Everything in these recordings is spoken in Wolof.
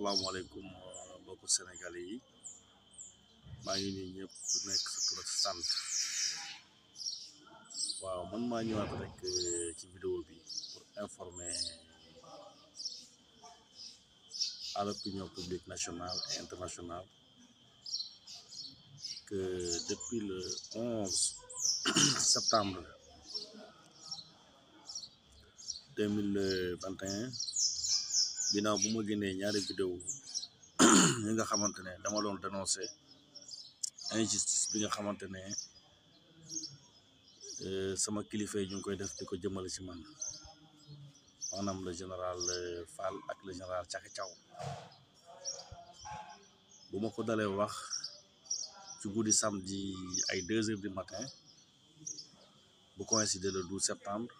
Bonjour à sénégalais yi Sénégalais ngi suis ñëpp pour nekk sa tur ak sant waaw man euh, vidéo pour informer à l'opinion publique nationale et internationale que depuis le 11 septembre 2021 ginnaaw bu ma génnee ñaari vidéo yi nga xamante ne dama doon dénoncé injustice bi nga xamante ne euh, sama kilifa yi ñu ngi koy def te ko jëmale si man maanaam le général euh, Fall ak la général Thiaka Thiaw bu ma ko dalee wax ci guddi samedi ay deux heures du matin bu coïncider le 12 septembre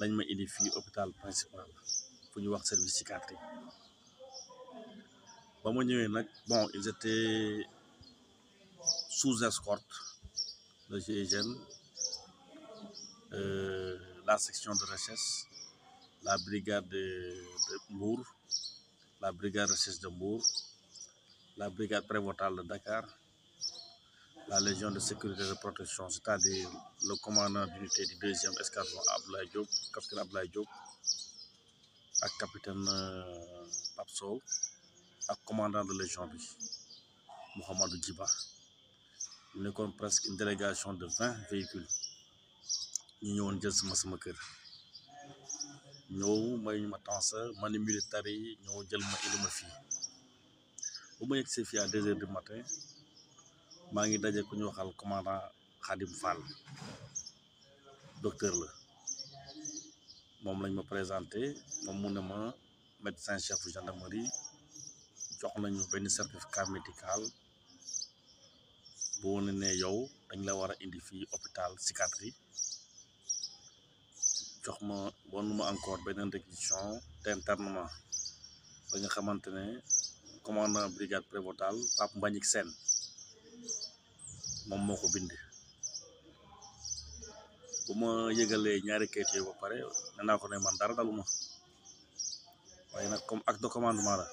Je ma indi à hôpital principal pour voir le service psychiatrique. bon ils étaient sous escorte de GIGN euh, la section de recherche la brigade de, de la brigade de recherche de Mour, la brigade prévotale de Dakar la Légion de sécurité et de protection, c'est-à-dire le commandant d'unité du 2e escadron Diop, capitaine capitaine euh, Papso, et commandant de Légion Mohamed Djiba Nous avons presque une délégation de 20 véhicules Nous avons jël sama sama kër may avons ma à heures du matin maa ngi daje ku ñu waxal commandant Khadim Fall docteur la moom lañ ma présenté moom mun ne ma médecin chef gendarmerie jox nañu benn certificat médical bu wane ne yow dañ la war a indi fii hôpital psychiatrie jox ma won ma encore beneen réquisition d'internement ba nga xamante ne commandant brigade prévôtale Pape Mbagnick Sène mom moko bind buma ma ñaari kete ba pare ne ko ne man dara daluma way nak comme acte de commandement la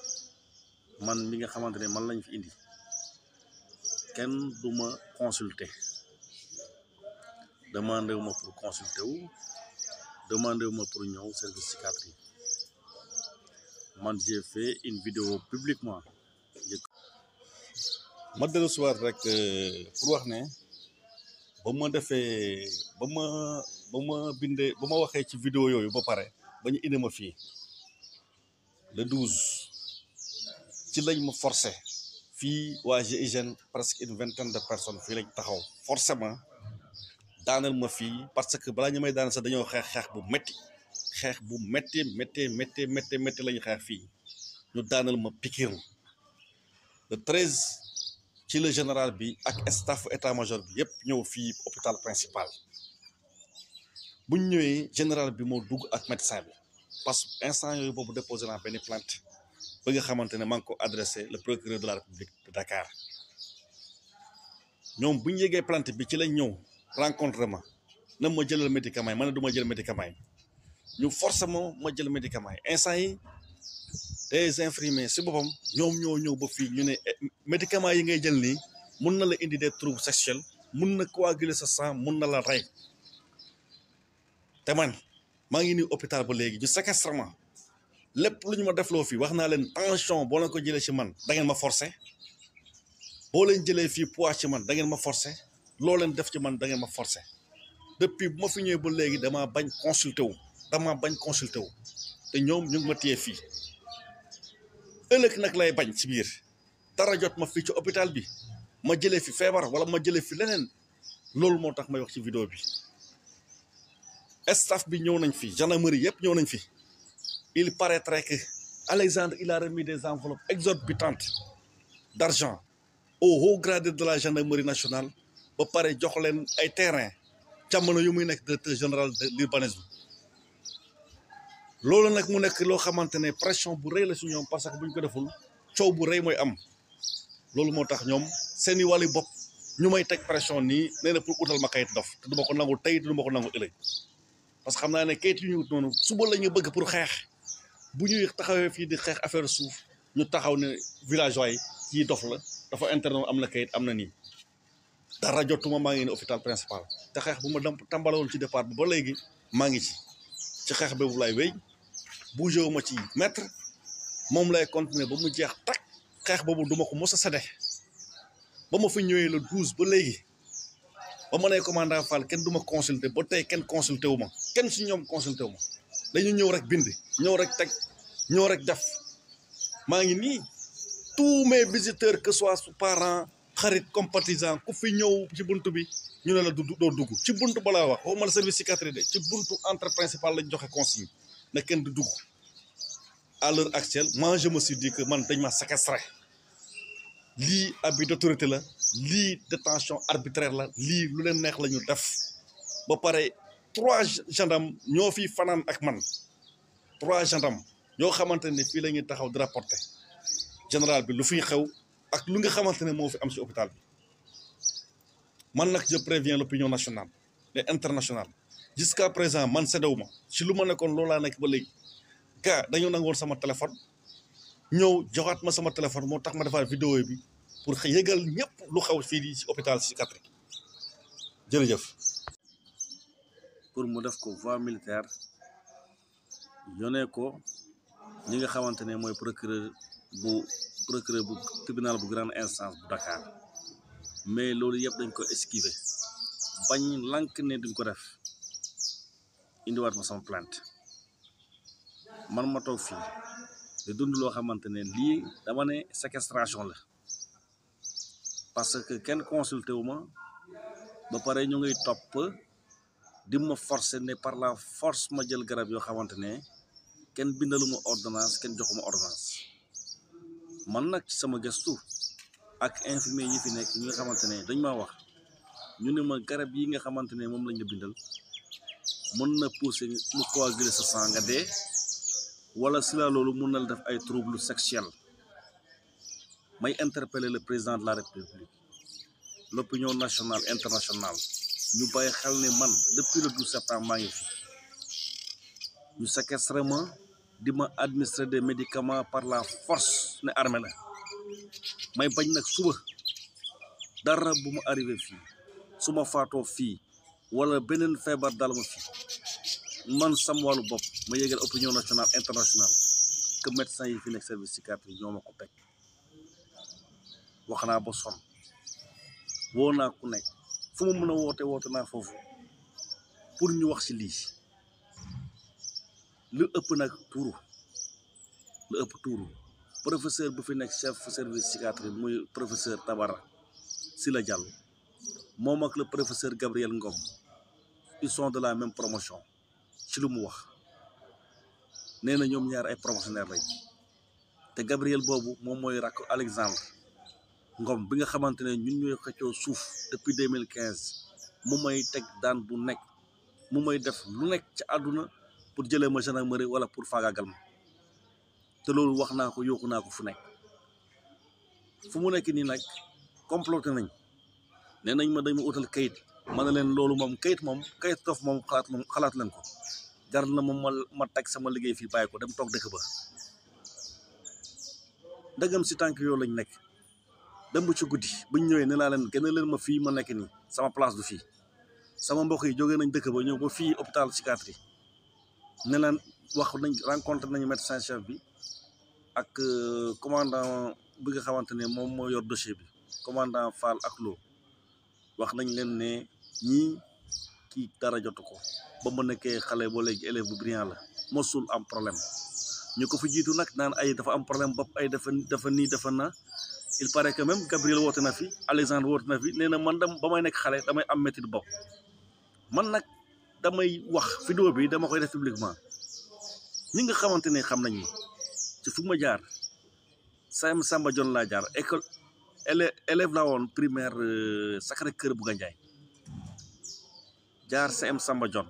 man mi nga xamantene man lañ fi indi ken duma consulter demandé wu ma pour consulter wu demandé wu ma pour ñëw service psychiatrie man j'ai fait une vidéo publiquement ma dellu soir rek euh, pour wax ne ba ma defee ba ma ba ma bindee ba ma waxee ci vidéo yooyu ba pare ba ñu indi ma fii le 12 ci lañ ma forcé fii waa GIGN presque une vingtaine de personnes fii lañ taxaw forcément daaneel ma fii parce que balaa ñu may daaneel sax dañoo xeex xeex bu metti xeex bu métti métti métti métti métti la ñu xeex fii ñu daaneel ma pikiir le 13. ci le général bi ak staff état major bi yëpp ñëw fi hôpital principal bu ñëwé général bi mo dugg ak médecin bi parce que instant yoy bobu déposé naa benn plainte ba nga xamante ne ko adresser le procureur de la république de Dakar ñom bu yégué yégee plainte bi ci la ñëw rencontre ma na ma jëlal médicament yi ma ne du jël médicament yi ñu forcément ma jël médicament yi instant yi les infirmiers si boppam ñoom ñoo ñëw ba fii ñu ne eh, médicament yi ngay jël nii mun na la indi des troubles sexuels mun na ko coaguler sa sang mun na la rey te man maa ngi nii hôpital ba léegi ñu séquestre ma lépp lu ñu ma defloo fii wax naa leen tension boo leen ko jëlee ci man dangeen ma forcé boo leen jëlee fii poids ci man da ngeen ma forcé loo leen def ci man da ngeen ma forcé depuis bu ma fi ñëwee ba léegi damaa bañ consulter wu damaa bañ consulter wu te ñoom ñu fii. ëllëg nag lay bañ ci biir dara jot ma fii ci hôpital bi ma jëlee fi feebar wala ma jëlee fi leneen loolu moo tax may wax ci vidéo bi staff bi ñëw nañ fi gendarmerie yëpp ñëw nañ fi il paraîtrait que Alexandre il a remis des enveloppes exorbitantes d'argent au haut gradé de la gendarmerie nationale ba pare jox leen ay terrain jamono yu muy nekk directeur général de l'urbanisme loolu nag mu nekk loo xamante ne pression bu rëy la su ñoom parce que bu ñu ko deful coow bu rey mooy am loolu moo tax ñoom seen i wàllu bopp ñu may teg pression nii nee na pour utal ma kayit dof te du ma ko nangu tey ma ko nangu ëllëg parce que xam naa ne kayit yu ñu ut noonu suba la ñu bëgg pour xeex bu ñuy taxawee fii di xeex affaire suuf ñu taxaw ne villageois yi kii dof la dafa interne am na kayit am na nii dara jotuma maa ngi ne hôpital principal te xeex bu ma tàmbaloon ci départ bi ba léegi maa ngi ci ci xeex boobu laay wéy bougé ma ci maître moom lay continuer ba mu jeex takk xeex boobu duma ko mos a sede ba ma fi ñëwee le douze ba léegi ba ma nee commandant Fall kenn duma ma consulter ba tey kenn consulter wu ma kenn si ñoom consulter wu ma dañu ñëw rek bind ñëw rek teg ñëw rek def maa ngi nii tous mes visiteurs que soit su parent xarit compatisant ku fi ñëw ci bunt bi ñu ne la du doo dugg ci bunt balaa wax waxuma la service cicatrice de ci buntu entre principal lañ joxe consigne na kenn du dugg à l'heure actuelle man je me que man dañ ma séquestré lii abus d'autorité la lii détention arbitraire la lii lu leen neex la ñu def ba pare trois gendarmes ñoo fi fanaan ak man trois gendarmes ñoo xamante ne fii la ñuy taxaw di rapporter général bi lu fiy xew ak lu nga xamante ne moo fi am ci hôpital bi man nag je préviens l'opinion nationale et internationale jusqu'à présent man séddawu ma ci lu ma nekkoon loolaa nekk ba léegi gars dañoo nangoon sama téléphone ñëw joxaat ma sama téléphone moo tax ma defaat vidéo bi pour yëgal ñëpp lu xaw fii di ci hôpital ci Katrick jërëjëf. pour mu def ko voie militaire yónnee ko ñi nga xamante ne mooy procureur bu procureur bu tribunal bu grande instance bu dakaar mais loolu yëpp dañ ko esquiver bañ lank ne duñ ko def. indiwaat ma sama plainte man ma toog fii di dund loo xamante ne lii dama ne séquestration la parce que kenn consulté wu ma ba pare ñu ngay topp di ma forcer ne par la force ma jël garab yoo xamante ne kenn bindaluma ordonnance kenn joxuma ordonnance man nag ci sama gëstu ak infirmier yi fi nekk ñi nga xamante ne dañ maa wax ñu ne ma garab yi nga xamante ne moom lañ nga bindal mën na pousser mu coaguler sa sang nga wala sila la mën def ay trouble sexuel may interpeller le président de la république l'opinion nationale internationale ñu bàyyi xel ne man depuis le 12 septembre maa ngi fi ñu séquestré administrer des médicaments par la force ne armée la may bañ nak suba dara bu arrivé fi suma fi wala benen febar dal ma fi man sam walu bop ma yegal opinion national international ke médecin yi fi nek service psychiatrie ñoo ma ko teg wax ba son woo naa ku nek fu mu meuna wote wote na fofu pour ñu wax ci li lu ëpp nak tuuru lu ëpp tuuru professeur bu fi nek chef service psychiatrie muy professeur Tabara Sila Diallo momak ak le professeur Gabriel Ngom ils sont de la même promotion C'est lu mu wax veux Gabriel Bobu, Alexandre Ngom bi nga en train ñun été depuis 2015 daan bu nek. def lu nek ci aduna pour ma gendarmerie wala pour ma te loolu wax ko ko fu nek fu mu nek ni nak comploté nañ né nañ ma kayit ma ne leen loolu moom kayit moom kayit tof moom xalaat xalaat leen ko jar na moom ma ma teg sama liggéey fii bàyyi ko dem toog dëkk ba ndegam si tànk yooyu lañ nekk dem bu ci guddi buñ ñëwee ne naa leen génne leen ma fii ma nekk ni sama place du fii sama mbokk yi jógee nañ dëkk ba ñëw ba fii hôpital psychiatrie ne leen wax nañ rencontré nañu médecin chef bi ak euh, commandant bi nga xamante ne moom moo yor dossier bi commandant Fall ak Lo wax nañ leen ne ñii kii dara jotu ko ba mu nekkee xale ba léegi élève bu brillant la mosul am problème ñu ko fi jiitu nag naan ay dafa am problème bopp ay dafa dafa nii dafa na il paraît que même Gabriel woote na fi Alexandre woote na fi nee na man dam ba may nekk xale damay am métti bopp man nag damay wax vidéo bi dama koy def publiquement ñi nga xamante ne xam nañ ci fu ma jaar Sam Samba Jon laa jaar élève la woon primaire euh, sacré kër bu Gandiaye jaar CM Samba jon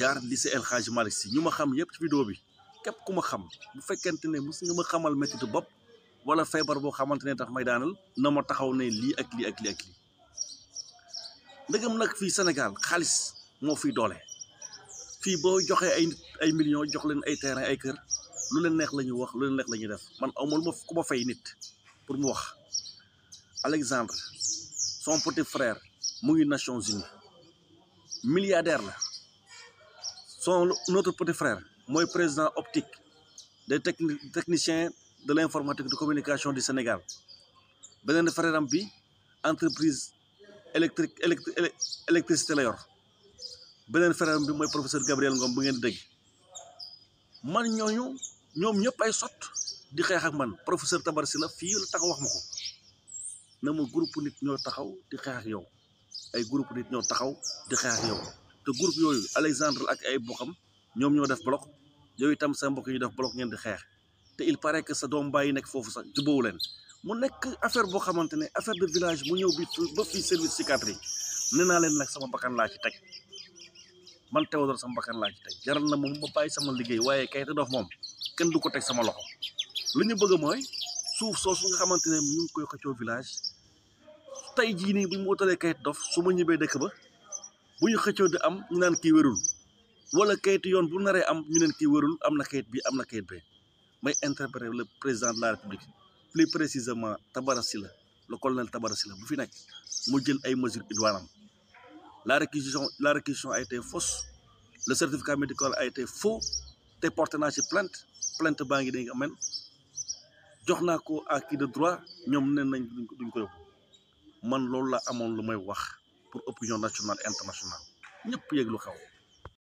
jaar lycée El Hadj Malick ñu ma xam yëpp ci vidéo bi képp ku ma xam bu fekkente ne mos nga ma xamal méttitu bopp wala feebar boo xamante ne daf may daanal na ma taxaw ne lii ak lii ak lii ak lii ndegam nag fii senegal xaalis moo fi doole fii boo joxe ay nit ay millions jox leen ay terrain ay kër lu leen neex la ñuy wax lu leen neex la ñuy def man amul ma ku ma fay nit pour mu wax. Alexandre son petit frère mu Nations Unies milliardaire son autre petit frère le président optique des techniciens de l'informatique de communication du Sénégal Benen frère entreprise électrique électricité la yor frère bi professeur Gabriel Ngom bu ngeen dégg man ñooñu ñoom ñëpp ay sot di professeur Tabar Sylla la tax na ma groupe nit ñoo taxaw di xeex ak yow ay groupe nit ñoo taxaw di xeex ak yow te groupe yooyu Alexandre ak ay bokkam ñoom ñoo def bloc yow itam sa mbokk ñu def bloc ngeen di xeex te il paraît que sa doom bàyyi nekk foofu sax jubóowu leen mu nekk boo xamante ne affaire de village mu ñëw bi ba fii service psychiatrique nee naa leen nag sama bakkan laa ci teg man Théodore sama bakkan laa ci teg jaral na moom ma bàyyi sama liggéey waaye Keita Dof moom kenn du ko teg sama loxo li ñu bëgg mooy suuf soosu nga xamante ne koy tey jii nii bu ñu ma wutalee kayit dof su ma ñibbee dëkk ba bu ñu xëccoo di am ñu naan kii wérul wala kayitu yoon bu naree am ñu neen kii wérul am na kayit bi am na kayit bi may interpréter le président de la république plus précisément Tabara Sylla le colonel Tabara Sylla bu fi nekk mu jël ay mesures idoines la réquisition la réquisition a été fausse le certificat médical a été faux te porté naa ci plainte plainte baa ngi dégg amen jox naa ko à qui de droit ñoom neen nañ duñ ko yóbbu man loolu la amoon lu may wax pour opinion nationale internationale ñëpp yëg lu xaw